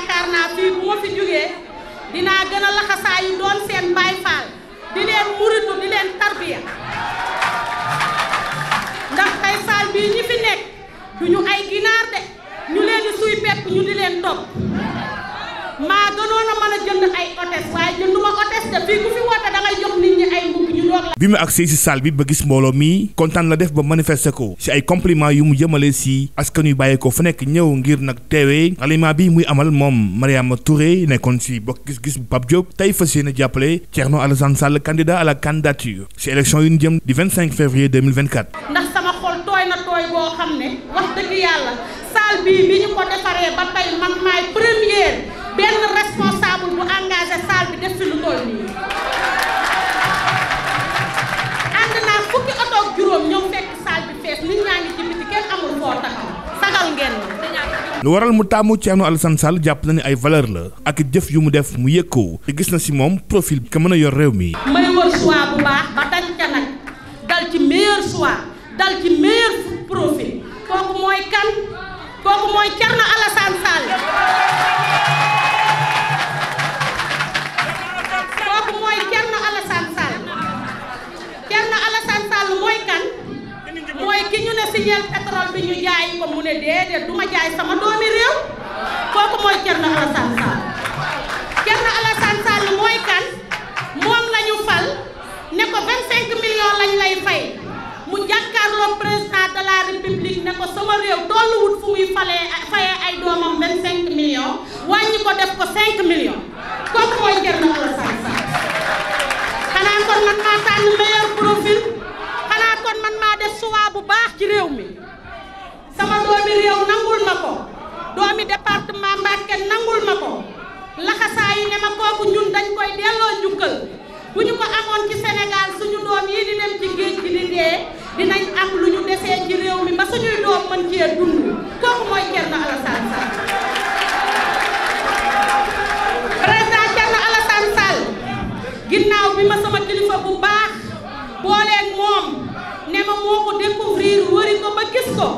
yaakaar naa fii bu ma fi jógee dinaa gën a laxasaayu doon seen mbaay faal di leen muritu di leen tarbiya ndax tey saal bii ñi fi nekk du ay ginaar de ñu leen suy pepp di leen topp maa gënoon a a jënd ay bi mu agsee si salle bi ba gis mbooloo mi kontaan la def ba manifester ko si ay compliment yu mu jëmale si askan yu bàyyi ko fu nekk ñëw ngir nag teewee aliment bi muy amal moom Mariama Touré nekkoon si bokk gis-gis bu Pape Diop tey fas yéene jàppale Thierno Alassane Sall candidat à la candidature si élection yu ñu jëm di 25 février 2024. ndax sama xol tooy na tooy boo xam ne wax dëgg yàlla salle bii bi ñu ko defaree ba lu waral mu tàmm Thierno Alassane Sall jàpp na ne ay valeur la ak jëf yu mu def mu yëkkoo te gis na si moom profil bi ka mën a yor réew mi. may wër bu baax ba dañ ca nag dal ci meilleur choix dal ci meilleur profil kooku mooy kan kooku mooy Thierno Alassane Sall kooku mooy Thierno mooy kan mooy ki ñu ne si yel pétrole bi ñu jaay ko mu ne déedéet du jaay sama. def ko kooku mooy jar na Alassane Sall man maa tànn meilleur profil xanaa man maa def choix bu baax ci réew mi sama doomi réew nangul ma ko doomi département Mbacké nangul ma ko laxasaa yi kooku ñun dañ koy delloo njukkal bu ñu amoon ci Sénégal suñu doom yi di dem ci géej di dee am lu ñu desee ci ba suñuy doom mën cee dund kooku mooy Thierno Alassane ma moo ko découvrir wëri ko ba gis ko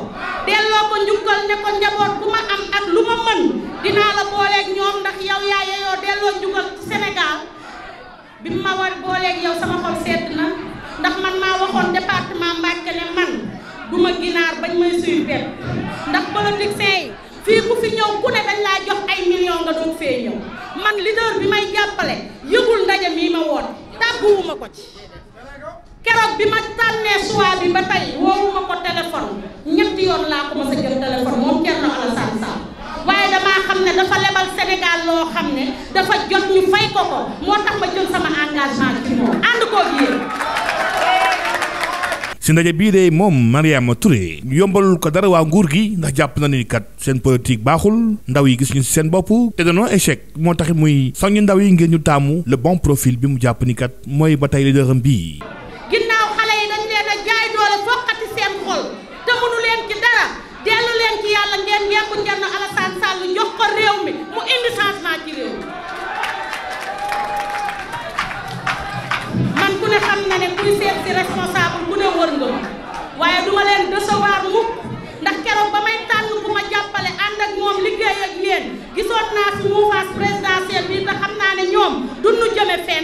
delloo ko njukkal ne ko njaboot bu ma am ak lu ma mën dinaa la booleeg ñoom ndax yow yaa yeyoo delloo njukkal ci Sénégal bi ma war booleeg yow sama xol sedd na ndax man maa waxoon département Mbacké ne man du ginaar bañ may suy ndax politiciens yi fii ku fi ñëw ku ne dañ laa jox ay millions nga doog ñëw man leader bi may jàppale yëgul ndaje mii ma woon tàgguwuma ko ci keroog bi ma tànnee choix bi ba tey woowuma ko téléphone ñetti yoon laa ko mës a jël téléphone moom Thierno Alassane Sall waaye damaa xam ne dafa lebal Sénégal loo xam ne dafa jot ñu fay ko ko moo tax ma jël sama engagement ci moom ànd koog yéen. si ndaje bii de moom Mariama Touré yombalul ko dara waa nguur gi ndax jàpp na ni kat seen politique baaxul ndaw yi gis ñu si seen bopp te danoo échec moo tax muy soññu ndaw yi ngir ñu taamu la bon profil bi mu jàpp ni kat ba tey bii.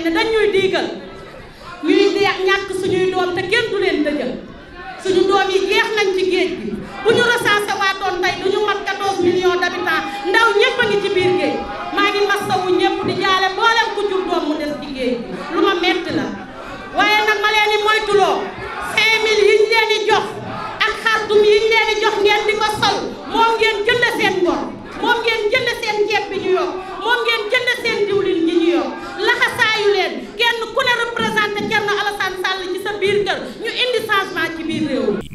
ne dañ ñuy diigal ñuy ñàkk suñuy doom te kenn du leen dëjal suñu doom yi jeex nañ ci géej gi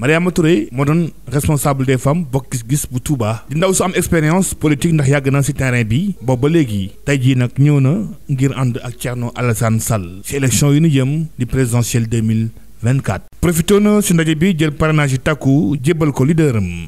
Mariama Touré moo doon responsable des femmes bokk gis-gis bu Touba di ndaw su am expérience politique ndax yàgg na ci terrain bi boobu ba léegi tey ji nag ñëw na ngir ànd ak Thierno Alassane Sall ci élection yu ñu jëm di présidentielle 2024 profité na ci ndaje bi jël parrainage yu tàkku jébbal ko leaderam